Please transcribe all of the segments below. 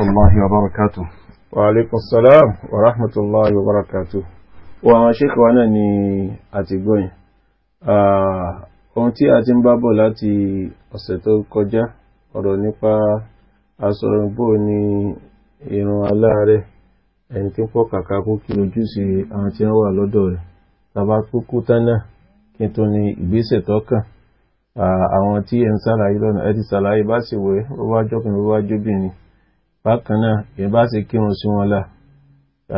الله وبركاته وعليكم السلام ورحمة الله وبركاته وعن شيخ وانا ني اتيغوين ohun tí a ti ń bá bọ̀ láti ọ̀sẹ̀ tó kọjá ọ̀rọ̀ nípa asọ̀rọ̀gbò ní irun aláàárẹ̀ ẹni tí ń pọ̀ kàkà kú kí ojúṣe àwọn tí wọ́n wà lọ́dọ̀ rẹ̀ tàbá kúkú tánà kí n tó ní ìgbésẹ̀ tọ́kàn àwọn tí ẹ ń ṣàlàyé lọ́nà ẹ ti ṣàlàyé bá sì wẹ̀ bó bá jọkùnrin bó bá jóbìnrin bákan náà yẹn bá ṣe kírun sí wọn là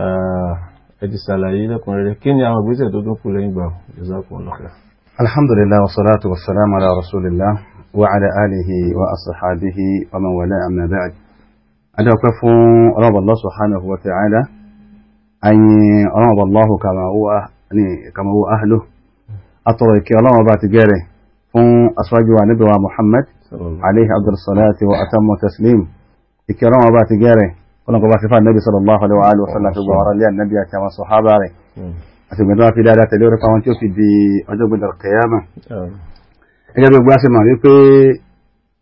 ah, ẹ ti ṣàlàyé lẹ́kùnrẹ́rẹ́ kí ni àwọn ìgbésẹ̀ tó tún kù lẹ́yìn gbà jazakumullahu khair. alhamdulilah wa salatu wa salam ala rasulillah wa ala alihi wa asahabihi wa man wala amma ba'd. adéwọ̀pẹ́ fún ọlọ́bọ̀ Allah subhanahu wa ta'ala ayin ọlọ́bọ̀ Allah kama huwa ahluh atọ̀rọ̀ ìkẹ́ ọlọ́wọ́ ti gẹ́rẹ̀ fún aṣáájú wa níbi wa muhammad alayhi abdulsalati wa atamu taslim ìkẹ́ ọlọ́run ọba ti gẹ́rẹ̀ ọlọ́run ọba ti fà nẹ́bí sallallahu alaihi wa sallam fi gbọ́ ọ̀rọ̀ lé ànẹ́bí àti àwọn sọ̀hábà rẹ̀ hmm. àti ìgbìyànjú wa fi dáadáa tẹ̀lé orí fáwọn tí ó fi di ọjọ́ gbọdọ̀ kẹyàmà ẹgbẹ́ gbogbo a ṣe mọ̀ wípé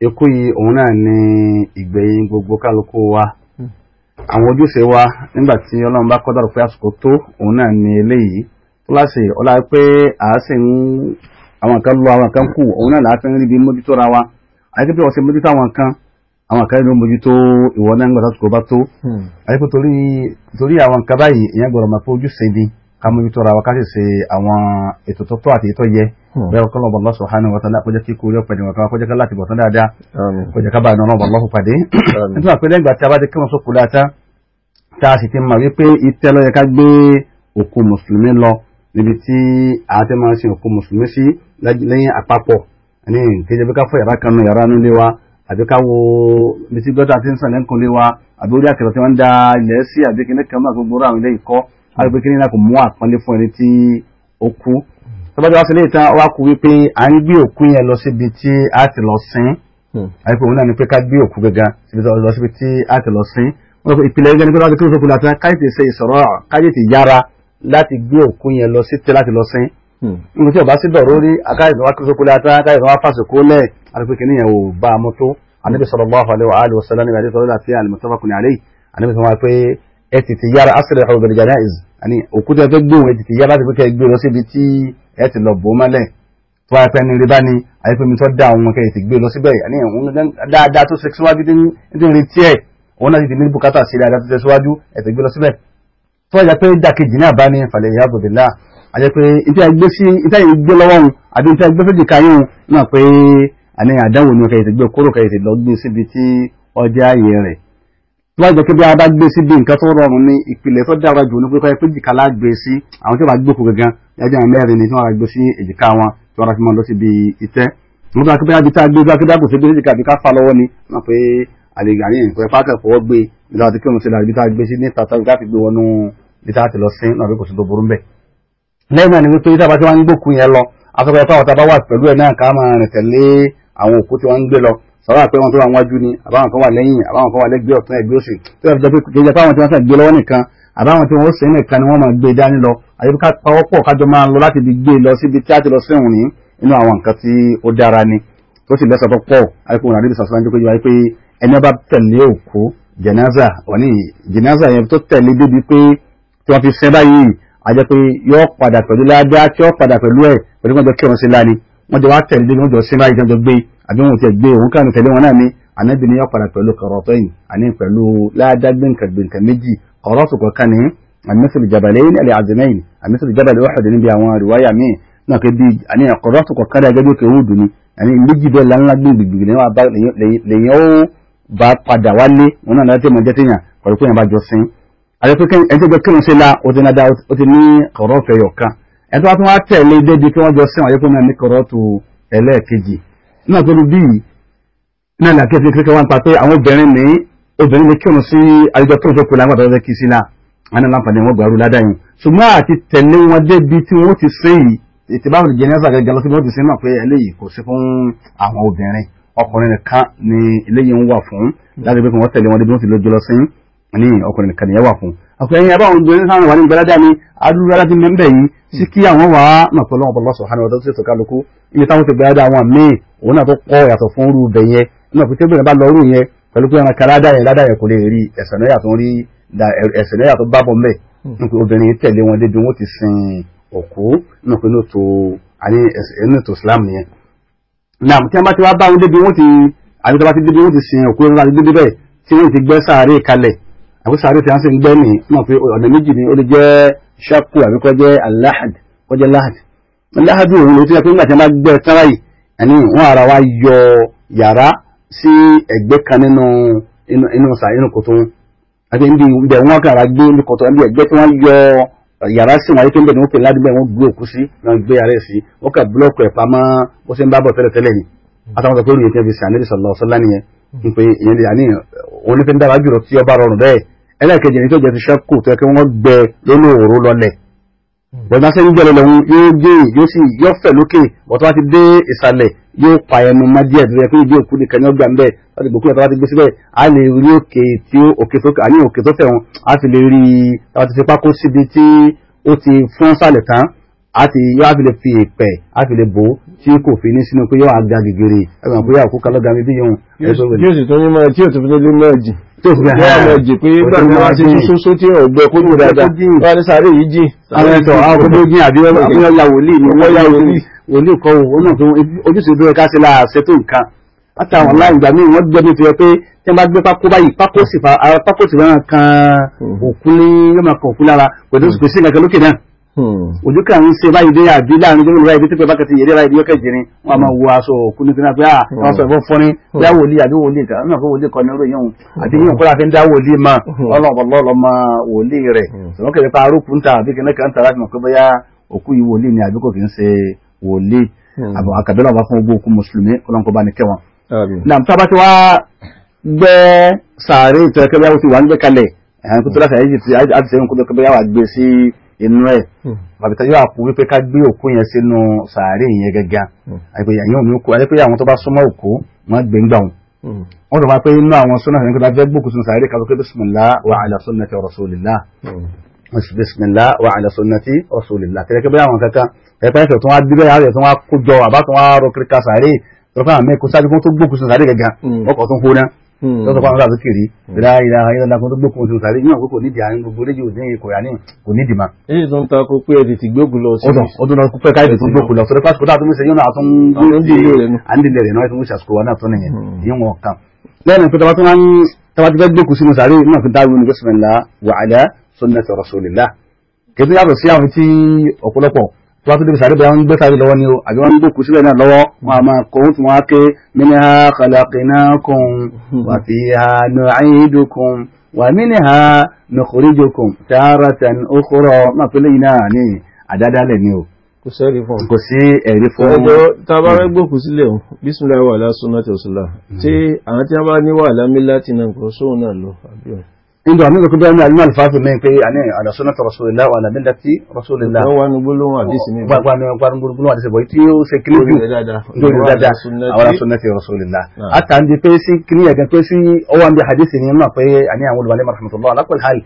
ikú yìí òun náà ni ìgbẹ̀yìn gbogbo kálukú wa hmm. àwọn ojúṣe wa nígbà tí ọlọ́run bá kọ́dọ̀rọ̀ pé àsìkò tó òun náà ni eléyìí pé à á àwọn kan àwọn kan ní ó mójútó ìwọ náà ń gbà sásìkò bá tó àti hmm. pé torí àwọn nǹkan báyìí èèyàn gbọ́dọ̀ máa pé ojúṣe ni ká mójútó ra wa ká sì ṣe àwọn ètò tó tọ́ àti ètò yẹ hmm. bẹ́ẹ̀ kọ́ lọ́bọ̀ Allah subhanahu wa ta'ala kọjá kí kú rí ọ̀pẹ̀lẹ̀ wọn kọjá láti bọ̀ tán dáadáa kọjá ká bá iná lọ́bọ̀ lọ́hùn pàdé nítorí àpé lẹ́gbàá tí a bá ti kí wọn sókù dáadáa tá a sì ti mọ̀ wípé ìtẹ́ ló ká gbé òkú mùsùlùmí lọ níbi tí a ti máa ń sin òkú mùsùlùmí sí lẹ́yìn àpapọ̀ ní kéjẹ́ bí ká fọ yàrá kan nu yàrá nílé wa àbí ká wo ibi tí gọ́tà ti ń sàn lẹ́kùnlé wa àbí orí àkẹrọ tí wọ́n ń da ilẹ̀ sí àbí kíní kan náà gbogbo àwọn ilé ìkọ́ àbí pé kíní náà kò mú àpọ́nlé fún ẹni tí ó kú tọ́bọ́dọ́ wá sí ilé ìtàn wá kú wípé à ń gbé òkú yẹn lọ síbi tí a ti lọ sin àbí hmm. pé òun náà ni pé ká gbé òkú gangan síbi tó lọ síbi tí a ti lọ sin wọ́n fi ìpìlẹ̀ yẹn lọ wá kúrò sókun láti àti pé kìnìyàn ò bá anabi sallallahu alaihi wa sallam ní ìbàdí sọ̀rọ̀ láti al-muttafaqun alayhi anabi sọ wọn pé ẹ ti ti yára asrihu bil janaiz àní òkúta ẹgbẹ́ gbóhùn ẹ ti ti yára láti pẹ́kẹ́ gbé lọ síbi tí ẹ ti lọ bò mọ́lẹ̀ tó wáyé pẹ́ ní rí bá ní àyẹ́pẹ́ mi tó dá àwọn kẹ́ ti gbé lọ síbẹ̀ àní dáadáa tó ṣe síwájú ní retí ẹ̀ òun náà ti ní bùkátà sí dáadáa tó ṣe ẹ ti gbé lọ síbẹ̀ tó wáyé pé dàkejì náà bá ní falẹ̀ ìyá bòbílà àyẹ́pẹ́ ìtẹ́ ìgbé lọ́wọ́ àbí ìtẹ́ ìgbé fẹ́jì káyún náà pé àní àdánwò ní ọkẹ̀ ìtẹ̀gbẹ́ kóró kẹ̀ ìtẹ̀ lọ gbé síbi tí ọjà ààyè rẹ̀ tó wá jẹ́ pé bí a bá gbé síbi nǹkan tó rọrùn ní ìpìlẹ̀ tó dára jù ní pípẹ́ pé jìkà lágbé sí àwọn tí wọ́n bá gbé kú gangan ẹjọ́ àwọn mẹ́rin ni tí wọ́n bá gbé sí èjìká wọn tí wọ́n bá fi mọ́ lọ síbi ìtẹ́ wọ́n bá pé bí tá a gbé bá kéde àkùsí bí jìkà bí ká fà ni wọ́n pé àlejò ní ìpẹ́ fákẹ́ fọwọ́ gbé ìlú àti kí wọ́n ṣe láti bí tá a gbé sí ní tàtà ká fi gbé wọnú bí tá a ti lẹ́yìn náà ni wípé tá a bá ń gbókun yẹn lọ àtọ́kọ̀ ẹ̀fọ́ àwọn tá a bá wà pẹ̀lú ẹ̀ náà ká máa rìn tẹ̀lé àwọn òkú tí wọ́n ń gbé lọ sọ̀rọ̀ àpẹ́ wọn tó wà wájú ni àbáwọn kan wà lẹ́yìn àbáwọn kan wà lẹ́gbẹ́ ọ̀tún ẹgbẹ́ òsì tó yàtọ̀ jẹ́ pé kì í jẹ́ pé àwọn tí wọ́n fẹ́ gbé lọ́wọ́ nìkan àbáwọn tí wọ́n sẹ́yìn nìkan ni wọ́n máa gbé dání lọ àyẹ̀wò ká pawọ́ pọ̀ kájọ máa lọ láti fi gbé lọ síbi tí a ti lọ sẹ́wọ̀n ní inú àwọn nǹkan tí ó dára ni tó sì lẹ́sọ̀ pọ̀ àyẹ̀kọ́ òun àdébísà wọ́n jọ wá tẹ̀lé wọ́n jọ sínú àìjọ́ jọ gbé àbí wọn ò tẹ̀ gbé òun kàn tẹ̀lé wọn náà ni ànábì ní ọ̀padà pẹ̀lú kọ̀rọ̀tọ́yìn àní pẹ̀lú ládá gbẹ̀ǹkà gbẹ̀ǹkà méjì kọ̀rọ̀tù kọ̀ọ̀kan ní àmísìlì jabalẹ́yìn ẹ̀lẹ́ àzẹ́mẹ́yìn àmísìlì jabalẹ́ ọ̀hẹ̀dẹ̀ níbi àwọn àríwáyà míì náà pé bí àní kọ̀rọ̀tù kọ̀ọ̀kan dá gẹ́gẹ́ kẹ́ wúdù ni àní méjì bẹ́ẹ̀ lánlá gbìngbìngbì lẹ́yìn ó bá padà wálé wọn náà láti mọ̀ jẹ́tìyàn pẹ̀lú pé yẹn bá jọ sin àti pé ẹni tó jẹ́ kírun sí la ó ti ẹni tó wá tún wá tẹ̀lé e débi kí wọ́n jọ sí àwọn ayẹ́kùn náà ní kọ̀rọ̀tù ẹlẹ́ẹ̀kejì náà tó bí náà ní àkíyèsí kékeré wọn pa pé àwọn obìnrin ní obìnrin ní kírun sí àyíjọ tó ń fẹ́ pẹ̀lú àwọn àtàwọn kì í sí náà wọn ní láǹfààní wọn gbàrú ládàá yìí ṣùgbọ́n àti tẹ̀lé wọn débi tí wọ́n ti sí yìí ìtìbáwọn ìjẹniyàsá gẹ́gẹ́ lọ sí wọ́n ti sí náà pé eléyìí kò sí fún àwọn obìnrin ọkùnrin nìkan ni eléyìí ń wà fún láti pé kí wọ́n tẹ̀lé wọn débi wọ́n ti ani ọkùnrin nìkan nìyẹn wà fún ọkùnrin ẹ̀yìn abáwọn obìnrin sáwọn wà ní gbẹ́ládá ni adúlú rárá ti mẹ́mbẹ̀ yìí sí kí àwọn wà mọ̀pọ̀ lọ́wọ́ bọ́lọ́ sọ̀hánà ọ̀dọ́ tó ṣètò kálukú ibi táwọn ti gbẹ́ládá àwọn míì òun náà tó pọ̀ yàtọ̀ fún rú bẹ̀ yẹn nígbà pé tẹ́gbẹ̀rẹ̀ bá lọ́rù yẹn pẹ̀lú pé ẹranka ládá yẹn ládá yẹn kò lè rí ẹ̀sẹ̀ náà yàtọ̀ bá bọ̀ mẹ́ hmm. nípa obìnrin tẹ̀lé wọn náà tí bá ti wá bá wọn wọn débi wọn ti sin òkú wọn ti débi bẹ́ẹ̀ tí wọn ti gbẹ́ àwọn sáré tí a ń sè ń gbẹ́ nì mọ̀ pé ọ̀nà méjì ni ó lè jẹ́ ṣáàpù àbí kọ́ jẹ́ aláhàd kọ́ jẹ́ láhàd láhàd òun ló ti yẹ pé nígbà tí a bá gbẹ́ tán báyìí àní wọ́n ara wa yọ yàrá sí ẹ̀gbẹ́ kan nínú inú sàá inú kòtò wọn àti níbi ibẹ̀ wọn kàrà gbé ní kòtò níbi ẹ̀gbẹ́ tí wọ́n yọ yàrá sí wọn ayékéńbẹ̀ ni wọ́n pè ládùúgbò wọn gbé òkú sí wọn gbé yàrá sí wọ́n kà búlọ́ọ̀kù ẹ̀ pamọ́ bó ṣe ń bá bọ̀ tẹ́lẹ̀tẹ́lẹ̀ ni àtàwọn ọ̀dọ́ pé olùyẹ̀kẹ́ fi sàn ní ìsọ̀lọ́ ọ̀sọ́lá nìyẹn ń pe ìyẹn lè àní òun ní fi ń dára jùlọ tí ọba rọrùn bẹ́ẹ̀ ẹlẹ́ẹ̀kejì ní tó jẹ́ ti ṣẹ́kù tó yẹ kí wọ́n gbẹ lónà òru lọlẹ̀ bọ̀dá sẹ́yìn gbẹ lọlẹ̀ wọn yóò gé yóò sì yóò fẹ̀ lókè bọ̀tọ́ bá ti dé ìsàlẹ̀ yóò pa ẹnu má díẹ̀ tó yẹ kí ìdí òkú nìkan ní ọgbà ń bẹ̀ láti gbòkú yàtọ̀ láti gbé síbẹ̀ a lè rí òkè tí òkè tó àní òkè tó fẹ̀ wọn a sì lè rí tàbá ti fi pákó síbi tí ó tí kò fi ní sínú pé yóò aga gègèrè ẹgbẹ̀rún pé àkókò kálọ́gà mi bí yóò ẹgbẹ̀rún. yóò sì tó ní máa tí ò tó fi lé máa jì tó fi hàn máa jì pé bá mi wá sí soso tí ò gbẹ kó jù dáadáa wá ní sáré yìí jì. àwọn ẹ̀tọ́ àwọn ọkọ̀ gbógun àbí wọ́n ya wòlíì ni wọ́n ya wòlíì wòlíì kọ́ òun náà tó ojúṣe bí wọ́n ká sí lára ṣètò nǹkan látàwọn aláìgbà mm-hmm. míì wọ́n gbẹ́ nítorí pé tí wọ́n bá gbé pákó báyìí pákó sì fẹ́ràn kan mm-hmm. òkú ní yọ̀mọ̀ òkú lára pẹ̀lú mm-hmm. òsì Hmm. ojú kan ń ṣe báyìí dé àbí láàrin gbogbo ìlú ibi tí pé bákẹ́tì yèrè báyìí yọkẹ́ jìnrín wọn a máa wo aṣọ òkú ní kíná pé à ah, hmm. wọn sọ ìbọn fọnrin hmm. bíá wòlíì àbí wòlíì kan náà fún wòlíì kan ní orí yẹn àti yíyan kóra fi ń dá wòlíì mà ọlọ́ọ̀bọ̀lọ́ọ̀lọ́ ma wòlíì rẹ̀ ṣùgbọ́n kẹ̀lẹ́ pa arúgbó ń ta àbí kíní kan ta láti mọ̀ pé bóyá òkú yìí wòlíì ni àbí kò kì í ṣe wòlíì àbọ̀ àkàbẹ́lẹ̀ ọba fún gbogbo mùsùlùmí ọlọ́nkọ́ bá ní kẹwọn. náà tábà tí wàá gbẹ́ sàárè ìtọ́jú kẹ́bíyàwó ti wà ń inú ẹ̀ àbíta yóò àpò wípé ká gbé òkú yẹn sínú sàárè yẹn gẹ́gẹ́ hmm. àìpé yẹn òní òkú àìpé àwọn tó bá súnmọ́ òkú wọ́n gbé ń gbà wọn. wọ́n rò hmm. wá pé inú àwọn súnà ní kódà fẹ́ gbókùn sínú sàárè ká pé bismillah wa ala sunnati rasulillah hmm. bismillah wa ala sunnati rasulillah kẹ́kẹ́ bí àwọn kankan ẹ̀pẹ́ ẹ̀fẹ̀ tó wá díbẹ̀ àrẹ̀ tó wá tó wá rọ kíríkà sàárè tó fẹ́ àmì kó sáré kó tó gbókùn sínú sàárè tó ń lọ́sọ̀ fún àwọn àzókèrè ìlà ìlà ayélujára kan tó gbókun oṣù sàrí ní àkókò nídìí àárín gbogbo rédíò ní kò ní kò nídìí ma. èyí tó ń ta kó pé ẹ̀dì ti gbógun lọ sí. ọdún náà pẹ́ káyọ̀dì tó gbógun lọ sọ́dọ̀ pàṣẹ kótó àtúnṣe yóò náà tún gbóòdì àndìlẹ̀ rẹ̀ náà tún ṣàṣkó wa náà tún nìyẹn ìyẹn kan. lẹ́nu pé tabatí wọ́n tún débi sàrí bẹ́ẹ̀ wọ́n ń gbé sàrí lọ́wọ́ ni o àbí wọ́n ń gbé kù síbẹ̀ náà lọ́wọ́ wọn àmọ́ kò ń tún wọn ké minha khalaqnakum wa fiha nu'idukum wa minha nukhrijukum taratan ukhra máa pélé yìí náà ní àdádálẹ̀ ni o. kò sí ẹ̀rí fún un. kò sí ẹ̀rí fún un. ọjọ́ tá bá fẹ́ gbòkú o bismillah wàhálà sunnah tẹ̀sílà tí àwọn tí wọ́n bá ní wàhálà mílá inda wani da kudu wani alfafin mai kai a ne a da sunata rasulillah wa alamin lati rasulillah wa ni gulun hadisi ne ba ni gwarin gulun hadisi bai tí ó ṣe kiri ju lórí dada àwọn sunata rasulillah a ta ndi pé sí kiri ẹ̀gẹ́ pé sí ọwọ́ ndi hadisi ni ma pé a ní àwọn olùbalẹ̀ marhamatullah alákùn hali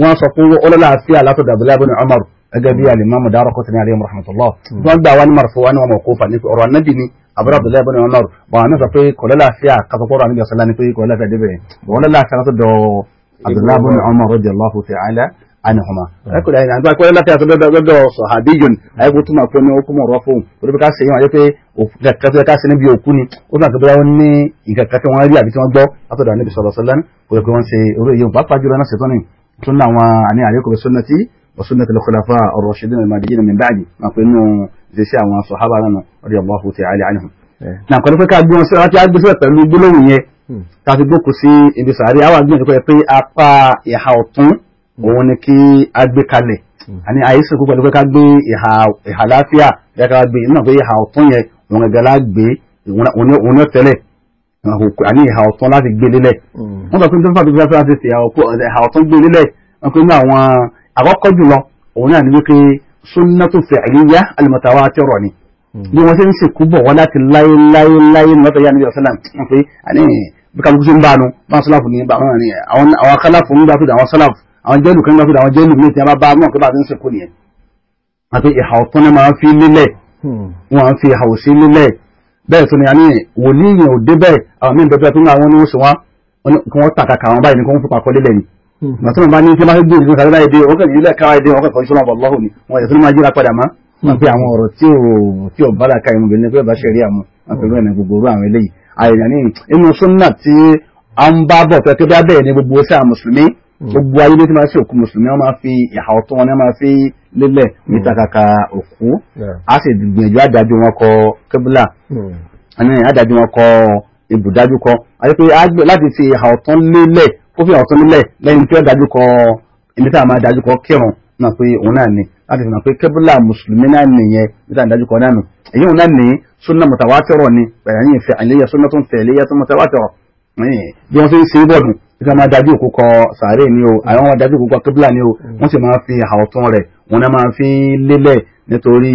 wọ́n sọ pé ọlọ́lá àti alátọ̀ dàbílá bin umar gẹ́gẹ́ bí alimamu dára kó tẹ̀lé alayhi marhamatullah hmm. wọ́n gbà wani marfu wani wọn mọ̀kófa ní pé ọ̀rọ̀ annabi ni abúrò abdullahi bin umar wọn ní sọ pé kọlọ́lá àti àkàtọ̀kọ́rọ̀ àníbi ọ̀sán lá ní pé kọlọ́lá àti àdébẹ̀yìn wọn lọ́lá àti àkàtọ̀ dọ̀ọ́ abdullahi bin umar radiyallahu ta'ala anihuma ah. ẹkùnrin àyìn àti akpẹ́rẹ́ láti àtọ́ lọ́dọ̀ sọ̀hàdíyùn àyẹ̀kú túmọ̀ pé ní okùn ọ̀rọ̀ fún un torí pé ká ṣe yín wáyé pé kẹtọ́ ká ṣe níbi òkú ni ó náà kẹtọ́ wọn ní ìkẹkẹ tí wọ́n rí àbí tí wọ́n gbọ́ látọ̀dọ̀ níbi sọ̀rọ̀ sọ́lẹ́n kò yẹ kí wọ́n ṣe orí yìí pàápàá jùlọ náà ṣètọ́ ni tún náà eh. wọn àní àlékò bẹ sọ́nà tí وسنة الخلفاء الراشدين المهديين من بعد ما قلنا زي شيء عن الصحابة رضي الله تعالى عنهم. نعم قالوا فكاد بيوم سورة عاد بسورة بلوم Hmm. ká fi gbókù sí ibi sàárè àwọn àgbẹ̀ nípa pé apá ìhà ọ̀tún hmm. òun ni kí a gbé kalẹ̀ àní àìsàn púpọ̀ nípa ká gbé ìhà láfíà yàtọ̀ gbé iná pé ìhà ọ̀tún yẹn òun ẹ̀gá lágbé òun náà tẹ́lẹ̀ àní ìhà ọ̀tún láti gbé lélẹ̀ hmm. wọ́n sọ pé nítorí fàbí fífẹ́ láti fi ìhà ọ̀tún gbé lélẹ̀ wọ́n pe ní àwọn àkọ́kọ́ jùlọ òun náà ní wípé sunnatu fi'liya al-mutawatir ni bí wọ́n ṣe ń sìnkú bọ̀ wọ́n láti láéláéláé lọ́tọ̀ yá níbi ọ̀sán náà wọ́n pe àní bí kálukú ṣe ń bá nu bá sálàfù ní bá wọn ní àwọn akálàfù ń gbàfíìdì àwọn sálàfù àwọn jẹ́lù kan gbàfíìdì àwọn jẹ́lù ní ti a bá bá mọ̀ pé bá ti ń sìnkú nìyẹn àti ìhà ọ̀tún ni máa ń fi lílẹ̀ hmm. wọn à ń fi ìhà òsì lílẹ̀ bẹ́ẹ̀ tó ni a ní wòlíì yẹn ò dé bẹ́ẹ̀ àwọn míì bẹ́ẹ̀ tó ń àwọn ní oṣù wọn kí wọ́n tàkàkà àwọn báyìí ní kí wọ́n fipá kọ́ ni màtí hmm. wọn bá ní kí wọ́n bá gbé ìdílé kàlẹ́ láì dé wọn kàn yílẹ̀ káwáì dé wọn kàn fọ́nṣọ́ ni wọn yẹ tó ní máa yíra padà mọ́ hmm. wọn pe àìyànní inú súnà tí a ń bá bọ̀ pé pé bẹ́ẹ̀ ni gbogbo sí àwọn mùsùlùmí mm. gbogbo ayé ló ti máa fi òkú mùsùlùmí wọn máa fi ìhà ọ̀tún wọn máa fi lélẹ̀ mm. níta kàkà òkú a sì gbìyànjú àdájú wọn kọ kébùlà mm. àdájú wọn kọ ibùdájú kọ àti pé láti fi ìhà ọ̀tún lélẹ̀ kó fi ìhà ọ̀tún lélẹ̀ lẹ́yìn tí ó dájú kọ ibi tá a máa dájú kọ kírun náà pé òun náà ni láti fi hàn pé kébùlà mùsùlùmí náà nìyẹn níta ìdájú kan náà nù èyí òun náà ní súnà mùtàwátìrọ̀ ni ẹ̀yìn ìfẹ́ àìlẹ́yẹ súnà tó ń tẹ̀ ẹ̀lẹ́yẹ tó mùtàwátìrọ̀ bí wọ́n ṣe ń ṣe é bọ̀dùn nígbà máa dájú òkú kọ sàárè ni o àwọn máa dájú òkú kọ kébùlà ni o wọ́n sì máa fi àwọ̀tún rẹ̀ wọn náà máa fi lélẹ̀ nítorí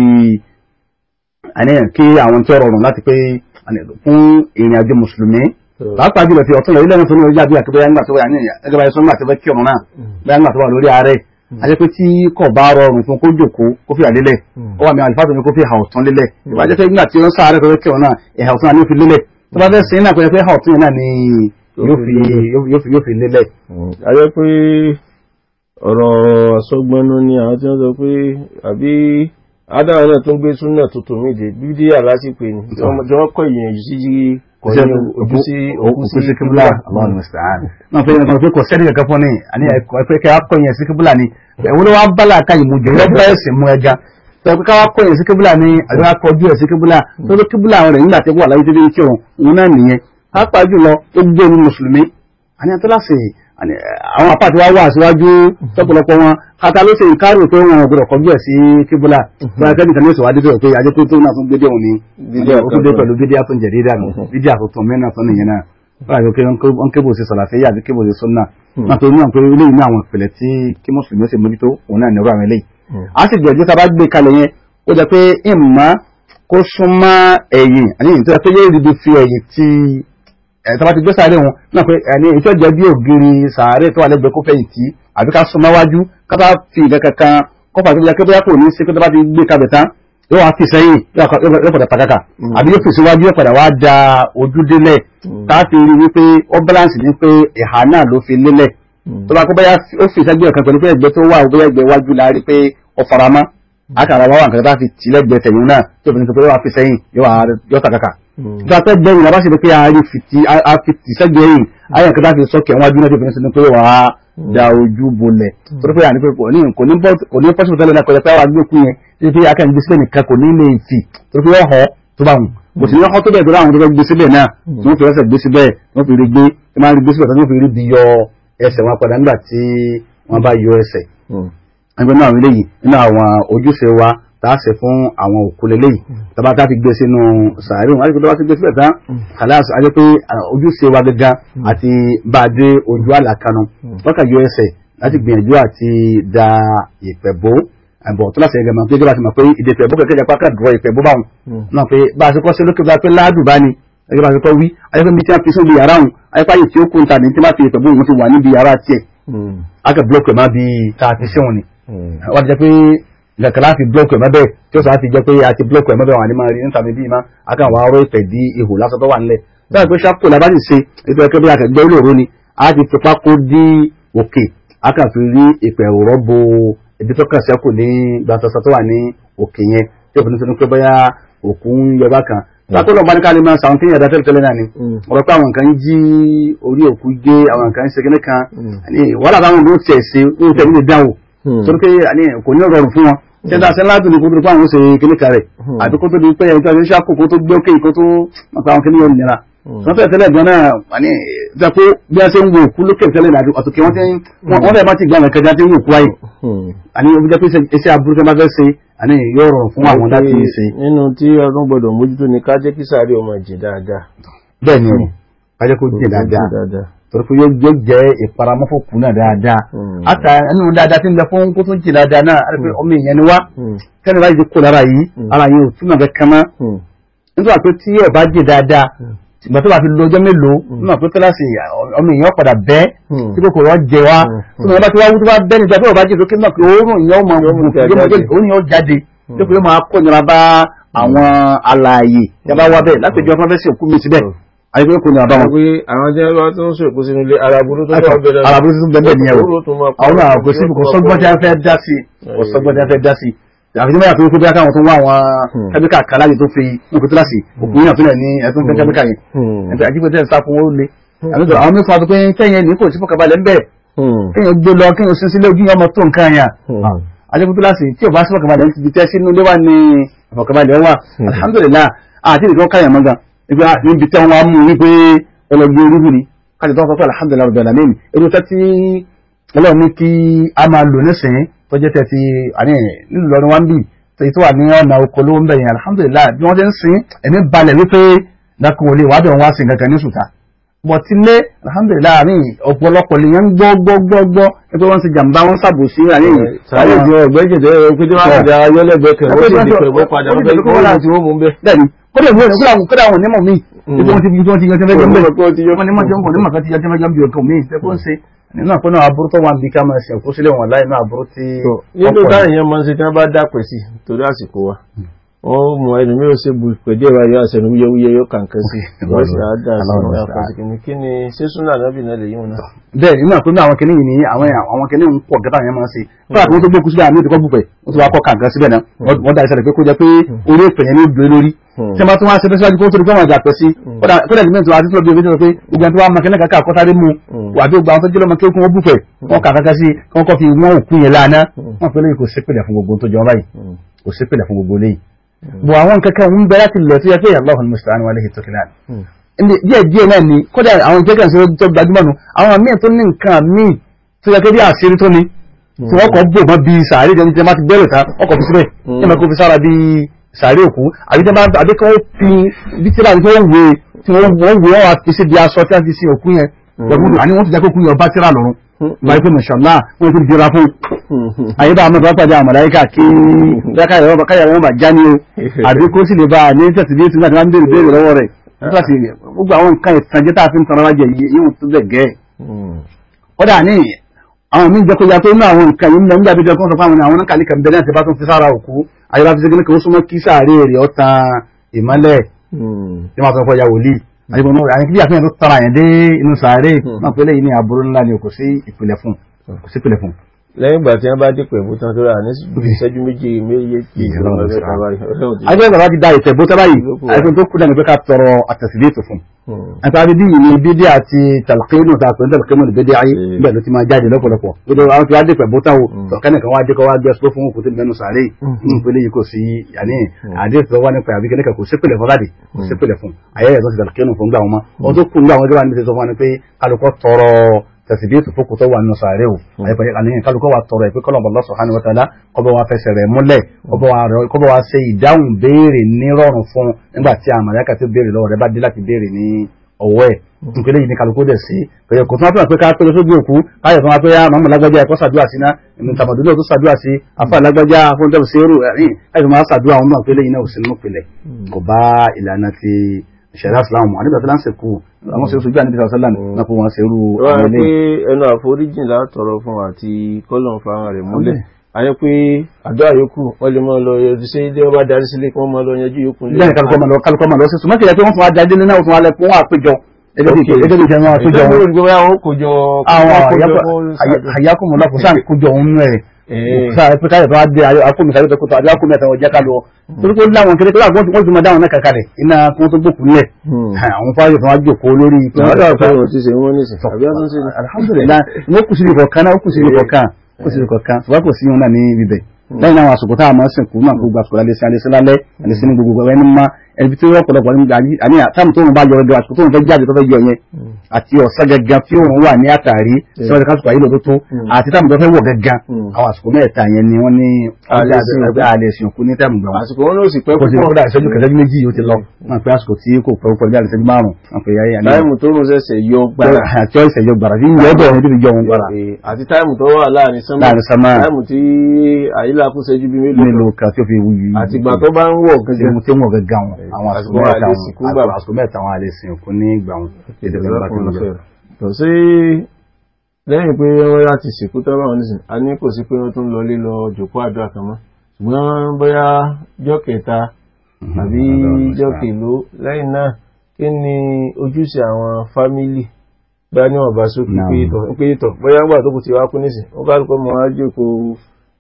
kí àwọn tí ó rọrùn láti pé fún ìrìn àjò mùsùlùmí hmm. pàápàá jùlọ fi ọ̀tún rẹ̀ ilé ẹ̀rọ tó ní orí àbí àkébẹ́yà ńgbà tó wà lórí ààrẹ ajẹ́ pé tí kò bá rọrùn fún kó jòkó kó fi àlélẹ̀ hmm. ó wà mí àlìfáàtò ni kó fi hàn ọ̀tún lélẹ̀ hmm. ìbàjẹ́ pé nígbà tí ó ń sáré pẹ̀lú tí ọ̀nà ẹ̀hà ọ̀tún ni ó fi lélẹ̀ tó bá fẹ́ sin náà pẹ̀lú pé hàn ọ̀tún náà ni yóò fi lélẹ̀. Hmm. ajẹ́ pé ọ̀rọ̀ àsọgbọ́nú ni àwọn tí wọ́n sọ pé àbí ádámù náà tó ń gbé súnà tuntun méje bídíà lásìkò ni kò ní ojú sí Allahu musta'an. náà fẹ́ẹ́ nìkan ni àní ẹ̀fẹ́ kẹ́ akọ yẹn sí kíbúlà ni ẹ̀wọ́n ló wá ń bala ká ìmú jù lọ́ bá ẹ̀sìn mú ẹja tọ́pẹ́ káwá kọ yẹn sí ni àbí wá kọjú ẹ̀ sí kíbúlà tó tó kíbúlà rẹ̀ nígbà tó àwọn apá tí wá wà síwájú tọ́pọ̀lọpọ̀ wọn kata ló ṣe ìkárò pé wọn ọ̀gbọ̀rọ̀ kọjú ẹ̀ sí kíbúlà báyọ̀kẹ́ nìkan ní oṣù wádìí bẹ̀rẹ̀ pé ajé tó tó náà tún gbédé òun ni òkúdé pẹ̀lú bídí àtúnjẹ̀ dídà nù mm-hmm. bídí àtúntún mẹ́rin náà tọ́nìyẹn náà báyọ̀kẹ́ wọn kébò sí sàlàfíyà àbí kébò sí sọ́nà mm-hmm. náà tó ní àwọn pé ilé ìní àwọn ìpìlẹ̀ tí kí mùsùlùmí ó sì mójútó òun náà nírú àwọn eléyìí mm-hmm. a sì gbẹ̀jú tá a bá gbé kalẹ̀ yẹn ó jẹ́ pé ìmọ̀ kó súnmọ́ ẹ̀yìn àníyàn tó yẹ kó yẹ ibi fi ẹ̀yìn ti ẹ̀tọ́ bá ti gbé sáré wọn náà pé ẹni èyí tó jẹ́ bí ògiri sàárè tó wà lẹ́gbẹ̀ẹ́ kó fẹ̀yìn tì àbí ká súnmọ́ wájú ká bá fi ìgbẹ́ kankan kó fà síbi kébé kò ní sí pé tó bá ti gbé kabẹ̀ tán yóò wá fi sẹ́yìn yóò padà takaka mm. àbí yóò fi síwájú yóò padà wá da ojú délẹ̀ mm. ká fi rí wípé ó balance ní pé ìhà náà ló fi lélẹ̀ mm. tó bá kó bẹ́yà ó fi ìṣẹ́gbẹ́ ọ̀kan pẹ̀lú pé ẹgbẹ́ tó wà bóyá ẹgbẹ́ wájú la rí pé ó faramọ́ àkàrà wá wà nǹkan tá fi tì lẹ́gbẹ̀ẹ́ tẹ̀yìn náà tó fi ní pé yóò wá fi sẹ́yìn yóò takaka Mm. gbàtẹ́ gbẹ̀yìn labá ṣe pé a a fi tì sẹ́gbẹ̀ yìí mm. ayẹ̀kẹta fi sọ́kẹ̀ wọn adúlọ́jọ́ fi ní sinmi pé wà á mm. da ojú bolẹ̀ torí pé àníkò kò ní kò ní pọ́sibú tẹ́lẹ̀ náà kọjá pé àwọn agbókù yẹn tí pé akẹ́yìn gbèsè nìkan kò ní lè tì torí pé ọ̀họ́ tó bá wù kò sí ní ọ̀họ́ tó bẹ̀ tó láwọn tó fẹ́ gbèsè bẹ́ẹ̀ náà tí wọ́n fi rẹ́sẹ̀ gbèsè bẹ́ẹ̀ wọ́n fi rí gbé tí máa rí gbèsè bẹ́ẹ̀ tí wọ́n fi rí bí yọ ẹsẹ̀ wọn padà nígbà tí wọ́n bá yọ ẹsẹ̀ ẹgbẹ́ náà rí léyìí nínú àwọn ojúṣe wa tàṣẹ fún àwọn òkú lélẹ́yìí hmm. tàbá tá fi gbé sínú sàárè wọn àdìgbò tó bá gbé síbẹ̀ tán hmm. kàláàs ajé pé ojúṣe wa gangan hmm. àti bá a dé ojú àlàkanu lọ́kà yọ ẹsẹ̀ láti gbìyànjú àti da ìpẹ̀ bò ẹ̀bọ̀ tó láti ẹ̀gẹ̀mọ̀ pé ìjọba ti mọ̀ pé ìdè ìpẹ̀ bò kẹ̀kẹ́ jẹ́ pákà dùrọ̀ ìpẹ̀ bò báwọn náà pé bá a ṣe kọ́ sí lókè bá a pé láàdù bá ni ẹgbẹ́ bá a ṣe kọ́ wí ayé pé mi ti á fi sóbi yàrá òun ayé pé ayé tí ó kún ta ní tí má fi ìpẹ̀ bò òun ti nǹkan láti blọ́ọ̀kì ẹ̀mọ́ bẹ́ẹ̀ tí ó sọ láti jẹ́ pé a ti blọ́ọ̀kì ẹ̀mọ́ bẹ́ẹ̀ wà ní máa rí níta mi bí ma akan wà ọ̀rọ̀ ìfẹ́ di ihò lásán tó wà nílẹ̀ bẹ́ẹ̀ pé ṣáko la bá sì ṣe nítorí pé bí a kàn jẹ́ olóró ni a ti fi pákó dí òkè akan fi rí ìpẹ̀ òrọ́ bo ibi tó kàn sẹ́kù ní gbàtàsà tó wà ní òkè yẹn tí òfin sọ pé bóyá òkú ń yọ bákan sàtọ́ hmm. lọ́ba ní kálí máa sàwọn tí ìyàdá tẹ́lẹ̀ náà ni ọ̀rọ̀ hmm. pé àwọn nǹkan ń jí orí òkú gé àwọn nǹkan ń segin kan hmm. wàhálà táwọn ọdún tẹ̀ sí ó tẹ̀ ní ìdáhùn Hmm. torí pé kò ní rọrùn fún wọn hmm. ṣé dáa ṣe ńlá tó ní kó tó di pé àwọn ó ṣe kíní kan rẹ̀ hmm. àbí kó tó di pé ẹni tó ṣe ṣàkó kó tó gbé òkè kó tó nípa àwọn kíní yóò nira wọ́n fẹ́ tẹ́lẹ̀ gan náà wani jẹ́ pé bí a ṣe ń wo òkú lókè tẹ́lẹ̀ ìdájọ́ àtòkè wọ́n ti wọ́n fẹ́ bá ti gbàgbẹ́ kẹjá tí ń wò kú ayé àní ó jẹ́ pé iṣẹ́ aburú tó bá fẹ́ ṣe àní yóò rọrùn fún àwọn láti ṣe. nínú tí ọdún gbọ́dọ̀ mójútó ni ká jẹ́ kí sáré ọmọ jìn dáadáa. bẹ́ẹ̀ ni ká jẹ́ kó jìn dáadáa torí pé yóò jẹ́ ìparamọ́ fún kùnà dáadáa àtà hmm. ẹnu dáadáa tí ń bẹ fún kó tún jì dáadáa náà àti pé hmm. ọmọ èèyàn ni wá kẹ́ni hmm. bá yìí kó lára yìí ara yìí ò túnmọ̀ kankan mọ́ nítorí pé tí ẹ̀ bá jì dáadáa ìgbà tó bá fi lọ ọjọ́ mélòó náà pé kíláàsì ọmọ èèyàn padà bẹ́ tí kòkòrò jẹ wá tí wọn bá ti wá wú bẹ́ nígbà tó bá jẹ lókè náà pé oorun ìyẹn ó àyíkó kò ní àbáwọn. pé àwọn jẹ́ bá tó ń sòkó sínú ilé araburú tó bá bẹ̀rẹ̀ araburú tó bẹ̀rẹ̀ nìyẹn o àwọn náà kò sí kò sọ́gbọ́n tí a fẹ́ dá sí kò sọ́gbọ́n tí a fẹ́ dá sí àfi nígbà tó ń kóbi akáwọn tó ń wá àwọn kẹ́míkà hmm. kàláyè tó fi òkú tó láṣì òkú yàn tó náà ní ẹtún fẹ́ kẹ́míkà hmm. yẹn hmm. ẹgbẹ́ àjípẹ́ tẹ́ ń sá fún wọn àwọn mẹ́fà tó pé kẹ́yìn ní kò sí fọkàbalẹ̀ ń bẹ̀ kẹ́yìn gbé lọ ah, alhamdulillah àti ìdíkọ́ káyàn mọ́gàn nígbà níbi tí wọ́n mú wípé ẹlọ́gbé orúgbù ni káàkiri tó ń sọ alhamdulillah rabbil alamin irú tẹ́ tí ọlọ́run ní kí a máa lò nísìn tó jẹ́ tẹ́ ti nílùú lọ́rin wá ń bì tẹ́ wà ní ọ̀nà oko ń bẹ̀yìn alhamdulillah bí wọ́n ti ń sin ẹ̀mí balẹ̀ wípé dákun olè wàá bẹ̀rẹ̀ wá sí nǹkan kan ní sùtà bọ̀ tí lé alhamdulillah àmì ọ̀pọ̀lọpọ̀ lè yẹn gbọ́gbọ́gbọ́ ẹgbẹ́ wọn ti jàǹbá wọn sàbòsí àníyàn sáyẹ̀ jẹ́ ẹgbẹ́ jẹ̀jẹ̀ ẹgbẹ́ jẹ́ wọn padà ayọ́lẹ́gbẹ́ kẹrẹ́ ó sì dìpẹ̀ wọ́n padà wọ́n bẹ́ẹ̀ kódà ìwé rẹ̀ kódà kódà àwọn onímọ̀ mi ìbọn ti fi tí wọ́n ti yanjú fẹ́jọ́ mbẹ́ wọ́n ní mọ̀jọ́ nǹkan onímọ̀ kan ti yanjú fẹ́jọ́ mbẹ́ ọkàn mi ìṣẹ́ kó ń ṣe nínú àpọ́nà aburú tó wà ń bí ká máa ṣe àkóṣílẹ̀ wọn láì náà aburú tí. yíyó táyà yẹn máa ń ṣe tí wọ́n bá dàpẹ̀ sí torí àsìkò wa wọ́n mọ̀ ẹni mi ò ṣe bu ìpèdè wa yóò ṣe wúyẹwúyẹ yóò kàǹkan sí wọ́n sì á dà sí ọ̀dà kọ̀sìkìní kí ni ṣé súnà nábì náà lè yí wọn náà. bẹ́ẹ̀ nínú àpò náà àwọn kìnìún yìí ní àwọn àwọn kìnìún pọ̀ gẹ́gẹ́ àwọn yẹn máa ń ṣe fúnra tí wọ́n tó gbé kùsùlẹ̀ àmì ìdíkọ́ bùpẹ̀ wọ́n ti wá kọ́ kàǹkan síbẹ̀ náà wọ́n dá ìṣẹ̀lẹ̀ pé kó jẹ́ pé orí ìpè yẹn ní ìdúró lórí hmm. tí wọ́n tún wá ṣe fẹ́ síwájú kó tó di pé wọ́n àjà pẹ̀ sí hmm. kódà ìgbìmọ̀ tó wá títí lọ́dún ìwé pé ìgbà tó wá mọ kẹ́nẹ́kà ká kọ́ sáré mu hmm. àbí ògbà wọn tó jẹ́ lọ́mọ kí wọ́n bùfẹ̀ wọ́n kà kankan sí wọ́n kọ́ fi wọ́n òkú yẹn láàánú wọ́n pẹ́ lóyún kò ṣépèlè fún gbogbo tó jọ báyìí kò ṣépèlè fún gbogbo léyìí bọ̀ mm. àwọn kankan ń bẹ láti lẹ̀ tó yẹ pé Allahul musta'an wa alayhi tuklan díẹ̀ díẹ̀ náà ni kódà àwọn jẹ́gàn sí tó gbajúmọ̀ nù àwọn míì tó ní nǹkan míì tó yẹ pé bí àṣírí tó ní mm. tí wọ́n kọ́ bò mọ́ bí sàárè jẹ́ nítorí máti bẹ́rẹ̀ ta ọkọ̀ fi síbẹ̀ ní mm. ẹ̀mẹ́kọ́ fi sára bí sàárè òkú àbí jẹ́ àbí fi bí tíra ní wọ́n wé wọ́n wé wọ́n wá fi sí bí aṣọ tí wọ́n fi sin òkú yẹn ẹ̀kún hmm. àní wọ́n ti jẹ́ kókú yọ bá tíra lọ́rùn hmm. bá yí pé mọ̀ṣọ́lá wọ́n ti dira fún ayé hmm. bá amọ̀dọ́ pàdé àmàláyíkà kí káyà wọn bà já ní o àbí kó sì lè bá ní tẹ̀sí bí sinmi àti máa ń béèrè béèrè lọ́wọ́ rẹ̀ nípasẹ̀ gbogbo àwọn nǹkan ìsànjẹ́ tá a fi ń tanra jẹ yíò tó bẹ̀ gẹ́ ọ̀dà ní àwọn míì jẹ́ kó ya tó ní àwọn nǹkan yìí nínú àbí jẹ́ kó sọ fún àwọn àwọn nǹkan àyẹ̀bọ̀n náà àyẹ̀kí bí àfihàn tó tara yẹn dé inú sàárè náà pé lẹ́yìn ní aburú ńlá ni kò sí ìpìlẹ̀ fún hmm. kò sí ìpìlẹ̀ fún lẹ́yìn ìgbà tí wọ́n bá dé pẹ̀bú tán tó rà ní ìṣẹ́jú méjì méje tí ìjọba bá ti da ìtẹ̀bó tó báyìí àìsàn tó kú lẹ́nu pé ká tọrọ àtẹ̀sílẹ̀ tó fún àtàrí bí ìní bídí àti tàlùkínù tá a pè ní tàlùkínù ní bídí ayé bẹ́ẹ̀ ló ti máa jáde lọ́pọ̀lọpọ̀ gbogbo àwọn tí wàá dé pẹ̀bú táwọn ọ̀kẹ́ nìkan wàá dé kọ́ wàá gbé ọsọ fún òkúté mẹ́nu sàárè ní ìpele yìí kò sí yàní àdéhùn tó wà nípa àbíkẹ́ nìkan kò sépèlè fún láde kò sépèlè fún ayẹyẹ tó ti tàlùkínù fún gbà wọn mọ́ ọ tó kù ń gbà wọn gbà wọn ní ti sọ fún wa ni pé alùpọ̀ tọrọ tẹ̀sìbíyètò fókù tó wà nínú sàárè o àyẹ̀pẹ̀lẹ̀ àníyàn kálukọ́ wa tọrọ ẹ̀ pé kọ́lọ̀ Allah subhanahu wa ta'ala kó bá wa fẹsẹ̀ rẹ̀ múlẹ̀ kó bá wa ṣe ìdáhùn béèrè nírọ̀rùn fún nígbà tí àmàlẹ́kà tó béèrè lọ́wọ́ rẹ̀ bá dé láti béèrè ní ọwọ́ ẹ̀ nkele yìí ni kálukú dẹ̀ sí kẹ̀yẹ kò tún wá pé pé ká pẹ́lú sójú òkú káyọ̀ tún wá pé á màmú lágbájá ẹ̀kọ́ sàdúrà sí náà ẹ̀mí tàbàdúrà náà tún sàdúrà sí afọ alágbájá fúnjẹ́ òsèrú ẹ̀rín káyọ̀ tún wá sàdúrà àwọn náà pélé yìí náà òsínú pìlẹ̀ kò bá ìlànà ti ìṣẹ̀dá islam àníbi àti láǹsẹ̀ kù àwọn ṣe oṣù bí àníbi sàṣẹ́lá náà kó wọn ṣe irú ọmọ ilé. pé ẹnu àforíjìn látọrọ fún àti kọlọ̀ fara rẹ̀ múlẹ̀ àyẹ pé àdó àyókù wọn lè máa lọ yọjú sí ilé wọn bá darí sílé kí wọn máa lọ yanjú yòókù. lẹ́yìn kálukọ́ máa lọ kálukọ́ máa lọ sí sùmọ́kì yẹ pé wọ́n fún wa dájú nínú àwọn fún wa àpéjọ ẹgbẹ́ bíi ẹgbẹ́ àpéjọ wọn. àwọn àyàkùnmọ̀lá kò sáà Eh. pẹ̀káyọ̀ tó wá dé akómi sáré tọkọtọ àbí akómi àtàwọn ọjà ká lọ hmm. torí pé láwọn kéré kọ́lá wọ́n ti mọ dáwọn náà kàkàlẹ̀ iná kí wọ́n tó gbòkú nílẹ̀ hmm. àwọn fáyọ̀ tó wá jòkó lórí ìpínlẹ̀ ọ̀dọ́ ọ̀dọ́ ọ̀dọ́ ọ̀dọ́ ẹbí tí ọ̀pọ̀lọpọ̀ àní àtàmù tó ń bá yọrọ àsìkò tó ń fẹ́ jáde tó fẹ́ yọ yẹn hmm. àti ọ̀sán gangan tí òun wà ní àtàrí sọ́dọ̀ kásìkò àyílò tó tó hmm. àti táàmù tó fẹ́ wọ̀ gangan hmm. àwọn àsìkò mẹ́ta yẹn ni wọ́n ní alẹ́ ẹ̀sìn òkú ní táàmù gbàmọ́. àsìkò wọn ló sì pẹ́ púpọ̀ kódà ìṣẹ́jú kẹsẹ́jú méjì yóò ti lọ wọn pe àsìkò tí kò pẹ́ púpọ̀ bí alẹ́ ìṣẹ́jú márùn-ún wọn pe yáyà ní. táìmù tó rún ṣẹ̀ṣẹ̀ yọ gbàrà àti ọ̀ṣẹ̀ yọ gbàrà tí yíyọ bẹ̀rẹ̀ níbi jọ wọn gbàrà. àti táìmù tó wà láàrin sánmà táìmù tí àyílà kún ṣẹ́jú bí mélòó kan àti ìgbà tó bá ń wọ̀ gangan àwọn àsìkò mẹ́ta àwọn alẹ́ sìn òkú ní ìgbà wọn ètò ìgbà kan lọ. tó ṣe lẹ́yìn pé wọ́n láti sìnkú tọ́lá wọn nísìn a ní kò sí pé wọ́n tún lọ lílọ jòkó àdúrà kan mọ́ ṣùgbọ́n bóyá jọ́ kẹta mhm. àbí jọ́ kèló lẹ́yìn náà kí ni ojúṣe àwọn fámìlì bá níwọ̀n bá sókè pé ìtọ̀ bóyá ń gbà tó kù ti wá kú nísìn ó kálukọ́ mọ́ á jókòó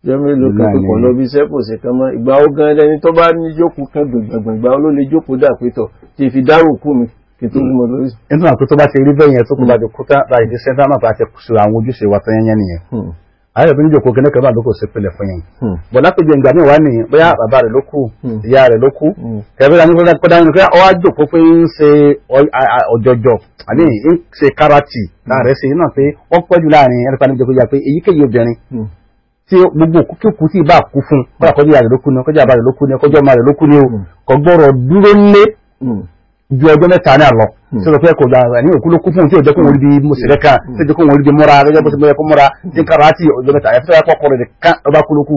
jọ mélòó kan tó kàn lọ bí iṣẹ́ kò ṣe kan mọ́ ìgbà ó gan ẹni tó bá ní jókòó kan gbọ̀ngbọ̀n ìgbà ó ló lè jókòó dà pé tọ̀ tí fi dárò kú mi kí tó mọ̀ lórí. inú àpò tó bá ti rí bẹ́ẹ̀ yẹn tó kó bá ti kú tá láì dé sẹ́ńtà náà láti ṣe àwọn ojúṣe wa tán yẹn nìyẹn. ayọ̀ bí ní jókòó kí ní kan bá lóko ṣe pilẹ̀ fún yẹn. Hmm. bọ̀dá tó jẹ ìgbà míì wá nìyẹn bóyá bàbá rẹ̀ ló kú hmm. ìyá rẹ̀ ló kú hmm. kẹfẹ́ ra ní kó dáhùn ní pé ọwá jókòó pé ń ṣe ọjọjọ àní ń ṣe káràtì láàrẹ̀ ṣe tí gbogbo òkú kí òkú sì bá kú fún hmm. kọ́jà kọjá ìyá rẹ̀ ló kú ni kọjá àbá rẹ̀ ló kú ni kọjá ọmọ rẹ̀ ló ni o hmm. kò gbọ́rọ̀ dúró lé hmm. ju ọjọ́ mẹ́ta náà lọ tí ó fẹ́ kò gba ẹni òkú ló kú fún tí ó jẹ́ kó wọ́n rí bí kan tí ó jẹ́ kó wọ́n rí bí mọ́ra bó ti kó mọ́ra tí ń kára àti ọjọ́ mẹ́ta ẹ̀fẹ́ kọ́kọ́rọ̀ kan lọ́ba kú ló kú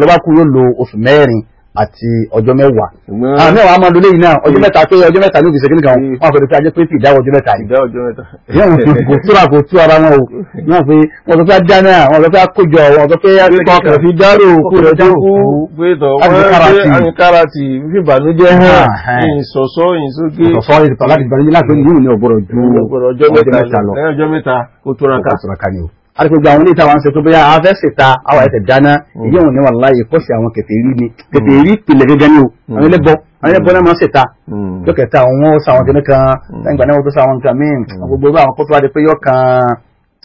lọ́ba kú yóò lo oṣù mẹ́rin àti ọjọ́ mẹ́wàá àwọn ah, mẹ́wàá máa lólé yìí náà ọjọ́ hmm. mẹ́ta pé ọjọ́ mẹ́ta ní òfìsẹ́ kíníkan wọn àfẹ́rẹ́ pé ajẹ́ pé fi hmm. ìdáwọ̀ ọjọ́ mẹ́ta yìí yóò fi kò túra kò tú ara wọn o wọn fi wọn sọ pé ajá náà wọn sọ pé akójọ wọn sọ pé akójọ kan fi dárò kú rẹ tó kú gbẹdọ wọn gbé karati fífi ìbànújẹ́ hàn ìsọsọ ah, eh. ìsókè ìsọsọ ìsọsọ láti ìbànújẹ́ láti ìlú àrígbogbo àwọn oníta wọn ṣe tó bóyá afẹ́ ṣèta àwọn ẹ̀tẹ̀ dáná èyí mm. òun ní wàhálà yìí kọ́sì àwọn kèfèrí ni mm. kèfèrí ìpìlẹ̀ gẹ́gẹ́ ni o mm. àwọn ẹlẹ́bọ àwọn ẹlẹ́bọ náà máa ṣèta yóò kẹta àwọn ó sàwọn kìnnì kan lẹ́yìn ìgbà náà wọ́n tó sàwọn nǹkan míì gbogbo àwọn kó tó wá di pé yóò kan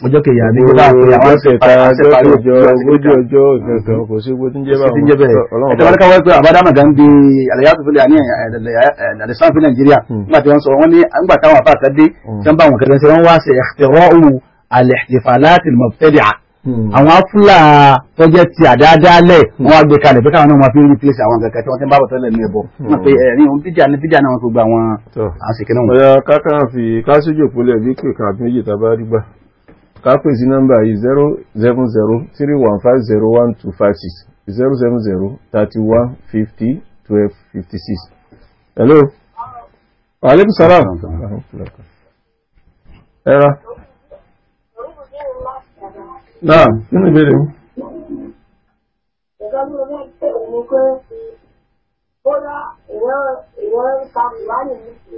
ọjọ́ kejì àbí kó dáa pé àwọn ṣe parí ojú ọjọ́ kò sí gbó tí ń jẹ́ bẹ́ẹ̀ ẹ̀tọ́ wọn káwọ́ pé àbádámà gan bí àlẹ́yà tó fẹ́lẹ̀ àní àdìsán fún Nàìjíríà nígbà tí wọ́n sọ wọ́n ní àgbà táwọn àpá àkàdé tí wọ́n bá wọn kẹ̀kẹ́ sí wọ́n wá ṣe ẹ̀rọ òun alẹ́tìfàláàtì mọ̀tẹ́dìá hmm. àwọn afúlà tọ́jẹ́ ti àdáadáalẹ̀ hmm. wọn wá gbé kalẹ̀ pé káwọn náà wọn fi ń rí pílẹ̀sì àwọn kankan tí wọ́n ti ń bá bọ̀ tẹ́lẹ̀ ní ẹ̀bọ̀ hmm. wọn pe ẹ̀rín eh, ohun bídíà ní bídíà náà wọn fi gba àwọn àsìkè náà. ọ̀yà káká fi kásíjò pólẹ̀ bí pé kàbí méjì tábà rí gbà ká pè sí nọ́mbà yìí zero seven zero three one five zero one two five six zero seven zero thirty one fifty twelve fifty six. hello. náà nínú ìbéèrè mi. ìjọba mi ní pé òun pé ìwọ́n ìwọ́n ń ka kùránì ní ti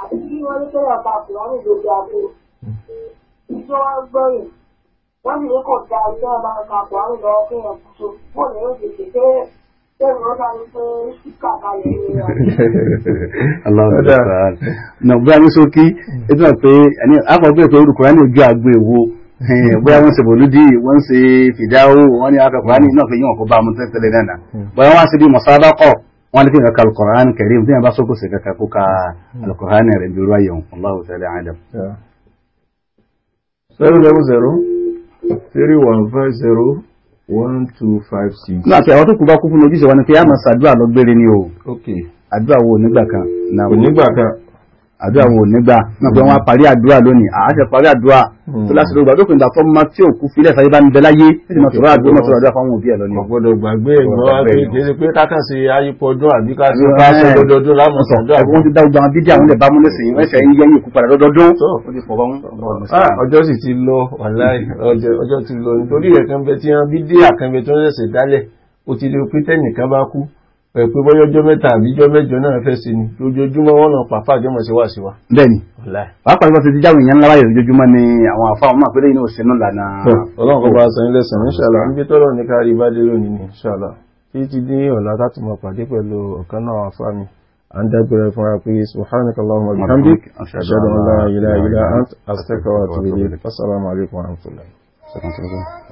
àti bí wọ́n ní pé ọ̀ka kùránì lórí abúlé ìjọ wa wọ́n ní kùránì tó tètè ní sókí, ní ojú Hmm. bóyá wọ́n ṣe bòlúdì wọ́n ṣe fìdáwó wọ́n ní akẹ́kọ̀ọ́ ní a fìyàn ọkọ̀ bá mú tẹ́tẹ́lẹ̀ náà hmm. bóyá wọ́n ṣe bí mọ̀sábàkọ̀ wọ́n lè fi ìrọ̀kà alukọ̀rán kẹrin tí wọ́n bá kẹkẹ kó ka hmm. bí Allahu ta'ala zero zero zero three one five zero one two five six. tí àwọn tó bá kú fún ojúṣe wọn ni pé àmọ́ sàdúrà lọ gbére ni o àdúrà wo kan. àdúrà wọn ò nígbà náà pé wọn á parí àdúrà lónìí àáṣẹ parí àdúrà hmm. tó láti lóògbà tó kìnnìkan fọ́ máa tí òkú filẹ̀ sáyé bá ń bẹ láyé ẹ̀sìn máa tọrọ àdúrà máa àdúrà fáwọn òbí ẹ̀ lọ ni. ọ̀gbọ́dọ̀ gbàgbé ìgbọ́ àti ìdílé pé kákan sí ayípo ọdún àbí ká sí bá sọ lọ́dọọdún láwọn sọ̀dọ̀. wọ́n ti dá gbogbo àwọn bídíà wọn lè bá mú lẹ́sìn ẹ̀sẹ̀ ń yẹ́yìn òkú padà lọ́dọọdún. Ah, ọjọ́ sì ti pẹ̀ pé bọ́yọ́ ọjọ́ mẹ́ta àbí ọjọ́ mẹ́jọ náà fẹ́ sí ni lójoojúmọ́ wọn náà pàfà àjọ mọ̀ sí wà sí wa. bẹ́ẹ̀ni pàápàá nípa ti jáwé yẹn ńlá báyìí lójoojúmọ́ ni àwọn àfa ọmọ àpẹẹrẹ yìí ní òsín náà lànà. Ọlọ́run kò bá aṣọ yín lẹ́sàn-án inṣàlá níbi tọ́lọ̀ ní kárí bá dé lónìí ní inṣàlá títí ti dín ọ̀la láti mọ̀ pàdé pẹ̀lú ọ̀kan náà àfa mi à ń dágbére fún wa pé subhanakallahumma wa bihamdik ashhadu an la ilaha illa anta astaghfiruka wa atubu ilayk